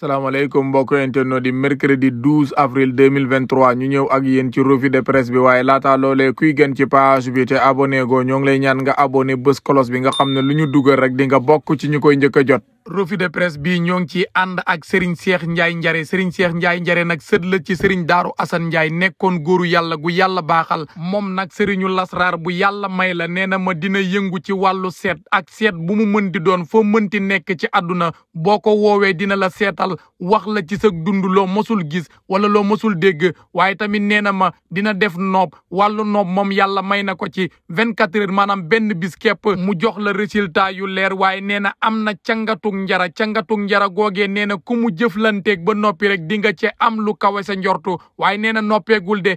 salaamaaleykum mbokk internet di mercredi 12 mille 2023 ñu ñëw ak yéen ci revue de presse bi waaye laata loolee kuy gën ci page bi te abonné go ñoo ngi lay ñaan nga abonné bés kolos bi nga xam ne lu ñu dugal rek di nga bokk ci ñu koy njëkk a jot revue de presse bi ñoo ngi ci ànd ak Serigne Cheikh Ndiaye Njare Serigne Cheikh Ndiaye Njare nag sët la ci Serigne Daaru Assane Ndiaye nekkoon góoru yàlla gu yàlla baaxal moom nag Serigne lasraar bu yàlla may la nee na ma dina yëngu ci wàllu seet ak seet bu mu mën di doon foo mënti nekk ci àdduna boo ko woowee dina la seetal Sall wax la ci sa dund loo mosul gis wala loo mosul dégg waaye tamit nee na ma dina def noob wàllu noob moom yàlla may na ko ci vingt quatre heures maanaam benn bis képp mu jox la résultat yu leer waaye nee na am na cangatug njara cangatug njara googee nee na ku mu jëflanteeg ba noppi rek di nga ci am lu kawe sa njortu waaye nee na de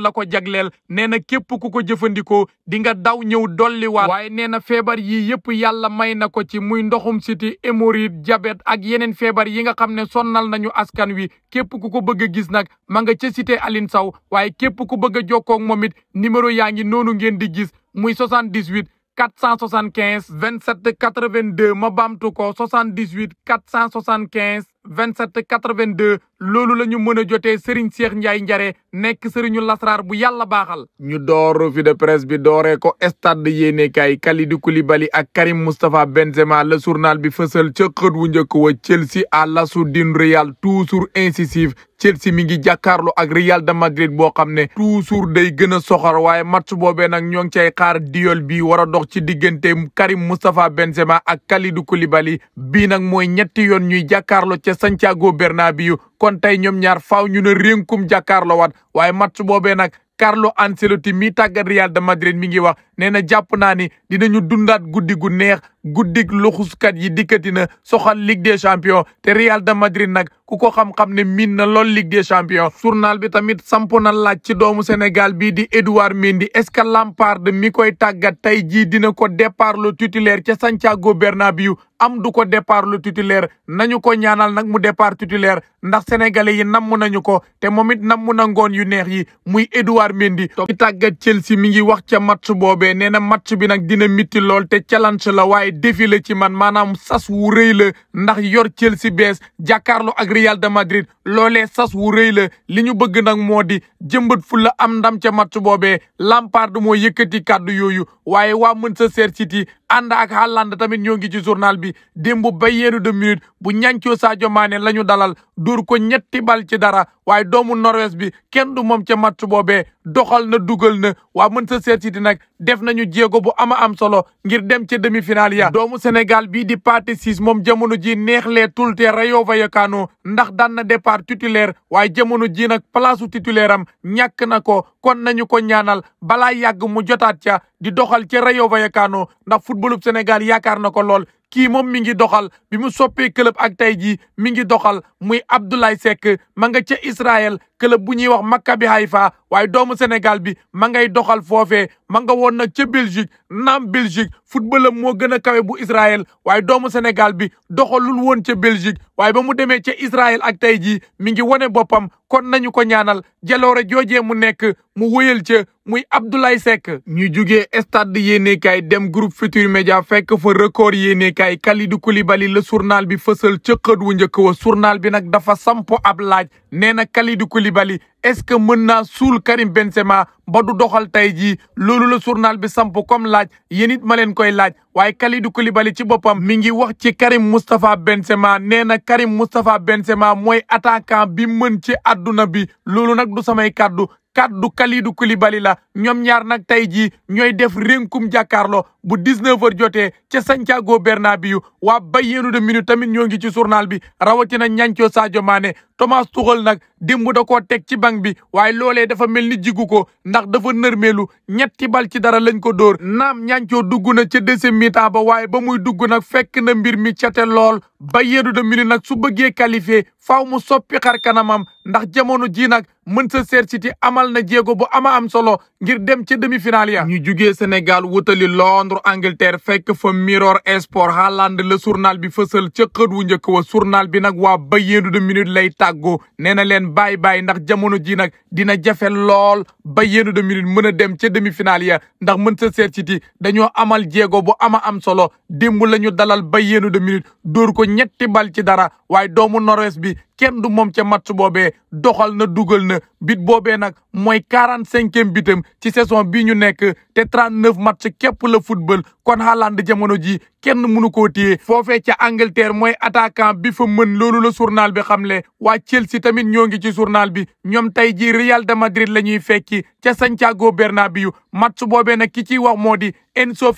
la ko jagleel nee na képp ku ko jëfandikoo di nga daw ñëw dolliwaat waaye nee na feebar yi yëpp yalla may na ko ci muy ndoxum siti hémorroïde diabète ak yeneen feebar yi nga xam ne sonnal nañu askan wi képp ku ko bëgg gis nag ma nga ca cité Aline Sow waaye képp ku bëgg a jokkoo ak moom it numéro yaa ngi noonu ngeen di gis muy 78 475 27 82 ma baamtu ko 78 475 27 82 loolu la ñu mën a jotee Serigne Cheikh Ndiaye Njare nekk Serigne Lasrar bu yàlla baaxal. ñu door revue de presse bi dooree ko stade yéenekaay Kalidou Koulibaly ak Karim Moustapha Benzema le journal bi fësal ca xët wu njëkk wa Chelsea à l'assaut d'une Real toujours incisif Chelsea mi ngi jàkkaarloo ak Real de Madrid boo xam ne toujours day gëna a soxor waaye match boobee nag ñoo ngi cay xaar duel bi war a dox ci diggante Karim Moustapha Benzema ak Kalidou libali bii nag mooy ñetti yoon ñuy jàkkaarloo ca Santiago bi kon tey ñoom ñaar faw ñu ne rénkum jàkkaarloo waat waaye match boobee nag Carlo Ancelotti mi tàggat Real de Madrid mi ngi wax nee na jàpp naa ni dinañu dundaat guddi gu neex guddik luxuskat yi dikkati na soxal Ligue des champions te Real de Madrid nag ku ko xam-xam ne miin na lool Ligue des champions. journal bi tamit samp na laaj ci doomu Sénégal bii di Edouard Mendy est-ce que Lampard mi koy tàggat tey jii dina ko départ le titulaire ca Santiago Bernabéu am du ko départ le titulaire nañu ko ñaanal nag mu départ titulaire ndax sénégalais yi namm nañu ko te moom it namm na ngoon yu neex yi muy Edouard Mendy. ci tàggat Chelsea mi ngi wax ca match boobee nee na match bi nag dina mitti lool te challenge la waaye waaye défi ci man maanaam sas wu rëy la ndax yor Chelsea bees jàkkaarloo ak Real de Madrid loolee sas wu rëy la li ñu bëgg nag moo di jëmbat fu la am ndam ca match boobee Lampard moo yëkkati kàddu yooyu waaye waa Manchester City ànd ak Haaland tamit ñoo ngi ci journal bi démb ba yeenu de minute bu ñancoo Sadio Mané la ñu dalal dóor ko ñetti bal ci dara waaye doomu Norvège bi kenn du moom ca match boobee doxal na dugal na waa Manchester City nag def nañu jéego bu ama am solo ngir dem ca demi-finale ya doomu Sénégal bii di Pathé Ciss moom jamono ji neexlee tulte Rayo Vallecano ndax daan na départ titulaire waaye jamono ji nag place titulaire am ñàkk na ko kon nañu ko ñaanal balaa yàgg mu jotaat ca di doxal ca Rayo Vallecano ndax footballu Sénégal yaakaar na ko lool kii moom mi ngi doxal bi mu soppee club ak tey jii mi ngi doxal muy Abdoulaye Seck ma nga ca Israël club bu ñuy wax bi Maccabi Haifa waaye doomu Sénégal bi ma ngay doxal foofee ma nga woon nag ca Belgique naam Belgique footballam moo gën a kawe bu Israël waaye doomu Sénégal bi doxalul woon ca Belgique waaye ba mu demee ca Israël ak tey jii mi ngi wane boppam kon nañu ko ñaanal jaloore joojee mu nekk mu wëyal ca muy Abdoulaye Seck ñu jugee stade yéenekaay dem groupe Futurs Médias fekk fa record yéenekaay Kalidou Koulibaly la journal bi fësal ca xët wu njëkk wa journal bi nag dafa sampo ab laaj nee na Kalidou Koulibaly est-ce que mën na suul Karim Benzema ba du doxal tey jii loolu la suurnal bi samp comme laaj yéen it ma leen koy laaj waaye Kalidou Koulibaly ci boppam mi ngi wax ci Karim Moustapha Benzema nee na Karim Moustapha Benzema mooy attaquant bi mën ci àdduna bi loolu nag du samay kàddu kàddu Kalidou Koulibaly la ñoom ñaar nag tey jii ñooy def rénkum jàkkaarloo bu 19 heures jotee ca Santiago Bernabéu waa Bayern de Munich tamit ñoo ngi ci journal bi rawatina ñancoo Sadio maane Thomas Tuchel nag démb da koo teg ci banc bi waaye loolee dafa mel ni jigu ko ndax dafa nërmeelu ñetti bal ci dara lañ ko dóor naam ñancoo dugg na ca deuxième mi ba waaye ba muy dugg nag fekk na mbir mi cate lool Bayern de Munich nag su bëggee qualifié faaw mu soppi xar kanamam ndax jamono ji nag Manchester City amal na jéego bu ama am solo ngir dem ca demi-finale ya ñu jugee Sénégal wotali Londres Angleterre fekk fa Mirror Sport Haaland la journal bi fësal ca xët wu njëkk wa journal bi nag waa ba yéendu de minute lay tàggoo nee na leen bàyyi bàyyi ndax jamono ji nag dina jafe lool ba yéendu de minute mën a dem ca demi-finale ya ndax Manchester City dañoo amal jéego bu ama am solo démb la ñu dalal ba yéendu de minute dóor ko ñetti bal ci dara waaye doomu Norvège bi kenn du moom ca match boobee doxal na dugal na bit boobee nag mooy quarante cinquième bitam ci saison bi ñu nekk te trente match képp la football kon Haaland jamono ji kenn mënu koo téye foofee ca Angleterre mooy attaquant bi fa mën loolu la journal bi xamle waa Chelsea tamit ñoo ngi ci journal bi ñoom tey jii Real de Madrid la ñuy fekki ca Santiago Bernabéu match boobee nag ki ciy wax moo di Enzo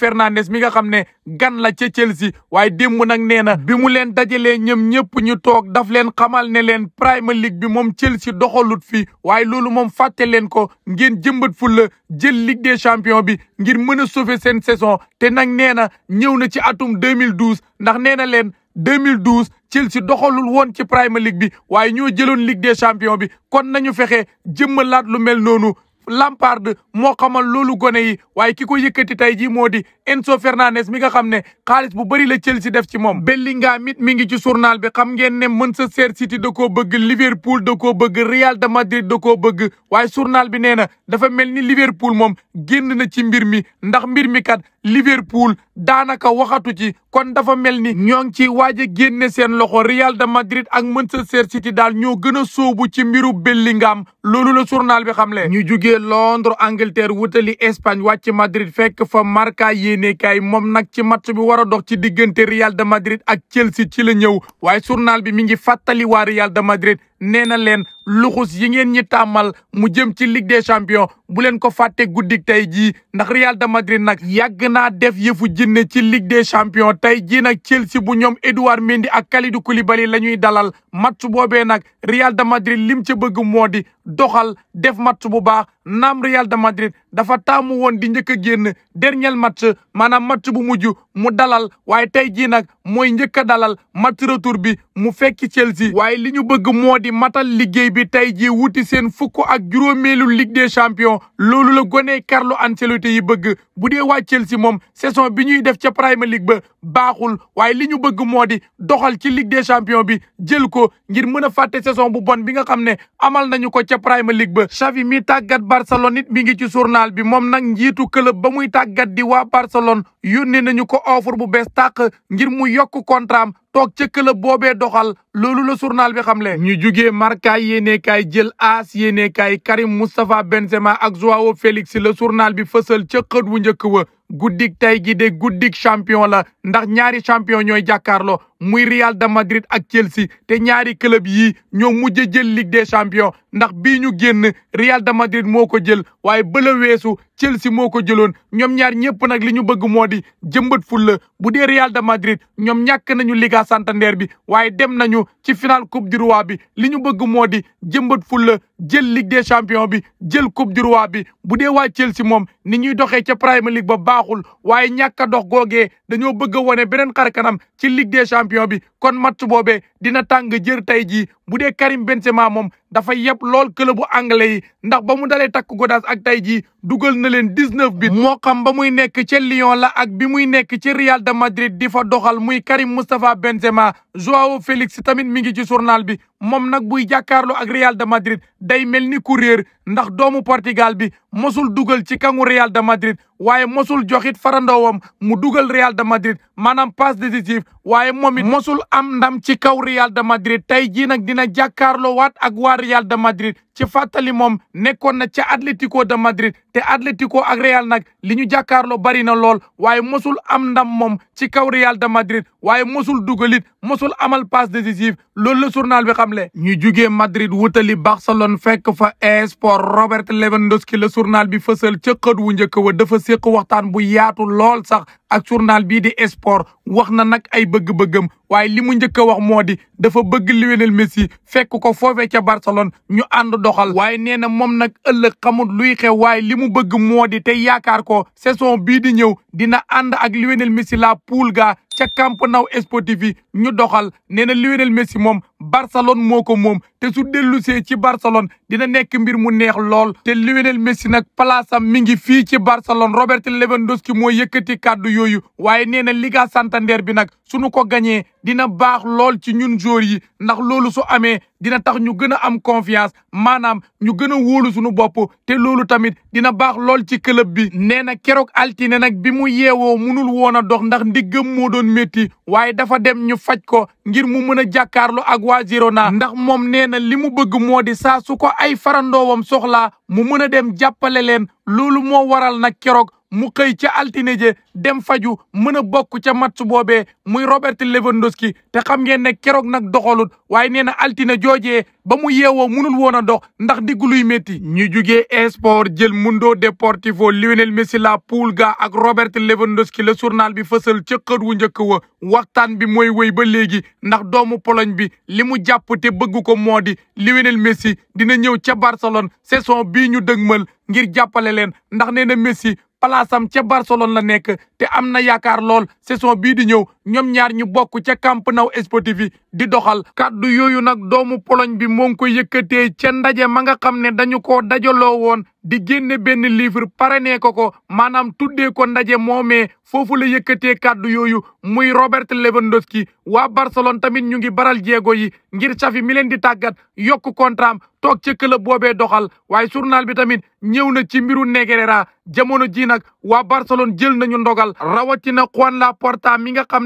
mi nga xam ne gan la ca Chelsea waaye démb nag nee na bi mu leen dajalee ñoom ñëpp ñu toog daf leen xamal ne leen Premier League bi moom Chelsea doxalut fi waaye loolu moom fàtte leen ko ngeen jëmbat fulla jël Ligue des champions bi ngir mën a sauver seen saison nag nee na ñëw na ci atum 2012 ndax nee na leen 2012 Chelsea doxalul woon ci Premier League bi waaye ñoo jëloon Ligue des champions bi kon nañu fexe jëmmalaat lu mel noonu. Lampard moo xamal loolu gone yi waaye ki ko yëkkati tey jii moo di Enzo Fernandez mi nga xam ne xaalis bu bari la Chelsea def ci moom. Bellingham it mi ngi ci journal bi xam ngeen ne mën Manchester City da koo bëgg Liverpool da koo bëgg Real de Madrid da koo bëgg waaye surnal bi nee na dafa mel ni Liverpool moom génn na ci mbir mi ndax mbir mi kat Liverpool daanaka waxatu ci kon dafa mel ni ñoo ngi ci waaj a génne seen loxo Real de Madrid ak Manchester City daal ñoo gën a sóobu ci mbiru Bellingham loolu la journal bi xam xamle. ñu jugee Londres Angleterre wutali Espagne wàcc Madrid fekk fa Marca yéenekaay moom nag ci match bi war a dox ci diggante Real de Madrid ak Chelsea ci la ñëw waaye surnal bi mi ngi fàttali waa Real de Madrid. nee na leen luxus yi ngeen ñi tàmmal mu jëm ci Ligue des champions bu leen ko fàtte guddik tey jii ndax Real de Madrid nag yàgg naa def yëfu jinne ci Ligue des champions tey jii nag Chelsea bu ñoom Edouard Mendy ak Kalidou Koulibaly la ñuy dalal match boobee nag Real de Madrid lim ci bëgg moo di doxal def match bu baax naam Real de Madrid dafa taamu woon di njëkk a génn dernier match maanaam match bu mujj mu dalal waaye tey jii nag mooy njëkk a dalal match retour bi mu fekki Chelsea. waaye li ñu bëgg moo di matal liggéey bi tey jii wuti seen fukk ak juróomeelu Ligue des champions loolu la gone Carlo Ancelotti yi bëgg. bu dee waa Chelsea moom saison bi ñuy def ca Premier League ba baaxul waaye li ñu bëgg moo di doxal ci Ligue des champions bi jël ko ngir mën a fàtte saison bu bon bi nga xam ne amal nañu ko ca Premier League ba. Xavi mi tàggat Barcelone nit mi ngi ci journal bi moom nag njiitu club ba muy tàggat di waa Barcelone yónnee nañu ko ofre bu bees tàq ngir mu yokk contraam toog ca club boobee doxal loolu la journal bi xamle ñu jugee Marca yéenekaay jël AS yéenekaay Karim Moustapha Benzema ak Joao Félix la journal bi fësal ca xët wu njëkk wa guddik tey gi de guddik champion la ndax ñaari champion ñooy jàkkaarloo muy Real de Madrid ak Chelsea te ñaari club yii ñoo mujj jël Ligue des champions ndax bii ñu génn Real de Madrid moo ko jël waaye bële weesu Chelsea moo ko jëloon ñoom ñaar ñëpp nag li ñu bëgg moo di jëmbat fulla bu dee Real de Madrid ñoom ñàkk nañu Liga Santander bi waaye dem nañu ci final Coupe du Roi bi li ñu bëgg moo di jëmbat fulla jël ligue des champions bi jël coupe du bi bu dee waa Chelsea moom ni ñuy doxee ca Premier League ba baaxul waaye ñàkk a dox googee dañoo bëgg a wone beneen xar kanam ci ligue des champions bi kon match boobee dina tàng jër tey jii bu dee Karim Benzema moom dafa yeb lool club bu anglais yi ndax ba mu dalee takk godaas ak tey jii dugal na leen dix-neuf but moo xam muy nekk ca Lyon la ak bi muy nekk ci Real de Madrid di fa doxal muy Karim Moustapha Benzema Joao Félix tamit mi ngi ci journal bi moom nag buy jàkkaarloo ak Real de Madrid day mel ni ku réer ndax doomu Portugal bi mosul dugal ci kangu Real de Madrid waaye mosul joxit farandoowam mu dugal Real de Madrid maanaam passe décisif waaye moom it mosul am ndam ci kaw Real de Madrid tey jii nag dina jàkkaarloo waat ak waa Real de Madrid ci fàttali moom nekkoon na ca Atlético de Madrid te Atlético ak Real nag li ñu jàkkaarloo bari na lool waaye mosul am ndam moom ci kaw Real de Madrid waaye mosul dugalit mosul amal passe décisif loolu la journal bi xamle ñu jugee Madrid wutali Barcelone fekk fa sport Robert Lewandowski la naal bi fësal ca xët wu njëkk wa dafa séq waxtaan bu yaatu lool sax ak journal bii di sport wax na nag ay bëgg-bëggam waaye li mu njëkk a wax moo di dafa bëgg Lionel Messi fekk ko foofee ca Barcelone ñu ànd doxal waaye nee na moom nag ëllëg xamut luy xew waaye li mu bëgg moo di te yaakaar ko saison bii di ñëw dina ànd ak Lionel Messi la ga ca Camp Nou sportif yi ñu doxal nee na Lionel Messi moom Barcelone moo ko moom te su dellusee ci Barcelone dina nekk mbir mu neex lool te Lionel Messi nag palaasam mi ngi fii ci Barcelone Robert Lewandowski moo yëkkati kàddu yooyu waaye nee na Liga Santander bi nag suñu ko gañee dina baax lool ci ñun joueurs yi ndax loolu su amee dina tax ñu gën a am confiance maanaam ñu gën a wóolu suñu bopp te loolu tamit dina baax lool ci club bi nee na keroog altine nag bi mu yeewoo munul woon a dox ndax ndiggam moo doon métti waaye dafa dem ñu faj ko ngir mu mën a jàkkaarloo ak waa Girona ndax moom nee na li mu bëgg moo di saa su ko ay farandoowam soxlaa mu mën a dem jàppale leen loolu moo waral nag keroog mu xëy ca altine je dem faju mën a bokk ca match boobee muy Robert Lewandowski te xam ngeen ne keroog nag doxalut waaye nee na altine joojee ba mu yeewoo munul woon a dox ndax diggu luy métti ñu jugee esport jël Mundo Deportivo Lionel Messi la ga ak Robert Lewandowski la journal bi fësal ca xët wu njëkk wa waxtaan bi mooy wéy ba léegi ndax doomu Pologne bi li mu jàpp te bëgg ko moo di Lionel Messi dina ñëw ca Barcelone saison bii ñu dëgmal ngir jàppale leen ndax nee na Messi palaasam ca Barcelone la nekk te am na yaakaar lool saison bii di ñëw ñoom ñaar ñu bokk ca Camp Nou sportif yi di doxal kàddu yooyu nag doomu Pologne bi moo ngi ko yëkkatee ca ndaje ma nga xam ne dañu ko dajaloo woon di génne benn livre parrainé ko ko maanaam tuddee ko ndaje moomee foofu la yëkkatee kàddu yooyu muy Robert Lewandowski waa Barcelone tamit ñu ngi baral jéego yi ngir Xavi mi leen di tàggat yokk kontraam toog ca club boobee doxal waaye journal bi tamit ñëw na ci mbiru Negreira jamono ji nag waa Barcelone jël nañu ndogal rawatina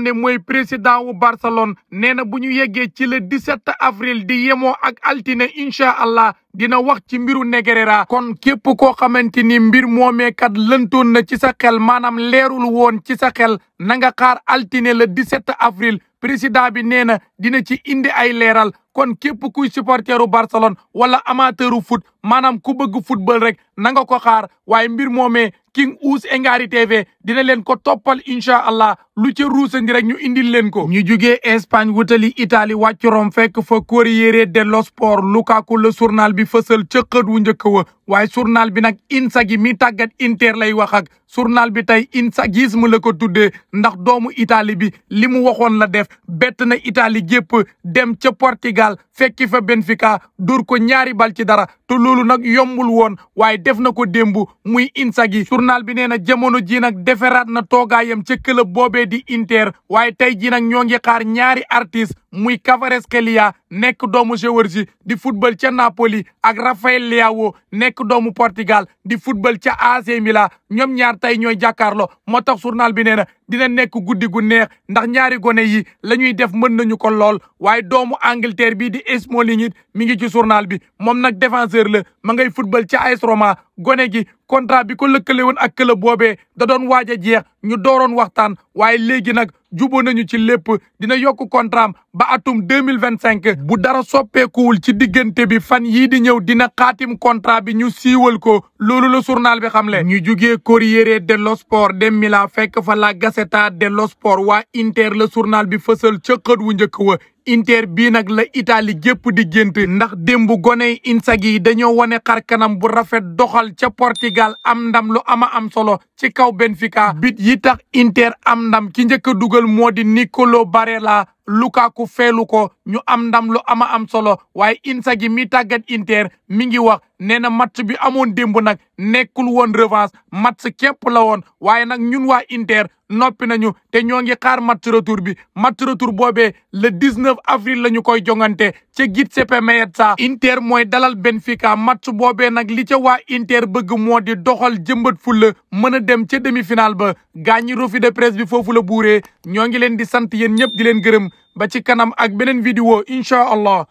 ne mooy président wu Barcelone nee na bu ñu yeggee ci le 17 avril di yemoo ak altine incha allah dina wax ci mbiru Negreira kon képp koo xamante ni mbir moomeekat lëntoon na ci sa xel maanaam leerul woon ci sa xel na nga xaar altine le 17 avril président bi nee na dina ci indi ay leeral kon képp kuy supporteru Barcelone wala amateuru foot maanaam ku bëgg football rek na nga ko xaar waaye mbir moomee King Ouse Ngary TV dina leen ko toppal incha allah lu ca ruusandi rek ñu indil leen ko ñu jugee Espagne wutali itali wàcc Rome fekk fa Corriere dello Sport Lukaku la journal bi fësal ca xët wu njëkk wa waaye journal bi nag Inzaghi mi tàggat Inter lay wax ak journal bi tey inzaghisme la ko tuddee ndax doomu itali bi li mu waxoon la def bett na Italie gépp dem ca Portugal fekki fa Benfica dur ko ñaari bal ci dara te loolu nag yombul woon waaye def na ko démb muy Inzaghi journal bi nee na jamono ji nag deferaat na toogaayam ca club boobee di Inter waaye tey jii nag ñoo ngi xaar ñaari artiste muy Alvarez Khalilia nekk doomu Géorgie di football ca Napoli ak Rafael Leao nekk doomu Portugal di football ca AC Milan ñoom ñaar tey ñooy jàkkaarloo moo tax journal bi nee na dina nekk guddi gu neex ndax ñaari gone yi la ñuy def mën nañu ko lool waaye doomu Angleterre bii di Smalling it mi ngi ci journal bi moom nag défenseur la ma ngay football ca AS gone gi contrat bi ko lëkkale woon ak club boobee da doon waaj a jeex ñu dooroon waxtaan waaye léegi nag juboo nañu ci lépp dina yokk contrat ba atum deux mille vingt cinq bu dara soppeekuwul ci diggante bi fan yii di ñëw dina xaatim contrat bi ñu siiwal ko loolu la surnal bi xam xamle ñu jugee Corriere dello Sport dem Milan fekk fa la Gazzetta dello Sport waa Inter la journal bi fësal ca xët wu njëkk wa Inter bii nag la itali gépp di gént ndax démb goney Inzaghi yi dañoo wane xar kanam bu rafet doxal ca Portugal am ndam lu ama am solo ci kaw Benfica bit yi tax Inter am ndam ki njëkk a dugal moo di Nicolo Barella Lukaku feelu ko ñu am ndam lu ama am solo waaye Inzaghi mi tàggat Inter mi ngi wax nee na match bi amoon démb nag nekkul woon revanche match képp la woon waaye nag ñun waa Inter noppi nañu te ñoo ngi xaar match retour bi match retour boobee le 19 avril la ñu koy jongante ca Giuseppe Meazza Inter mooy dalal Benfica match boobee nag li ca waa Inter bëgg moo di doxal jëmbat fulla mën a dem ca demi-finale ba gaañi rofi de presse bi foofu la buuree ñoo ngi leen di sant yéen ñëpp di leen gërëm ba ci kanam ak beneen vidéo incha allah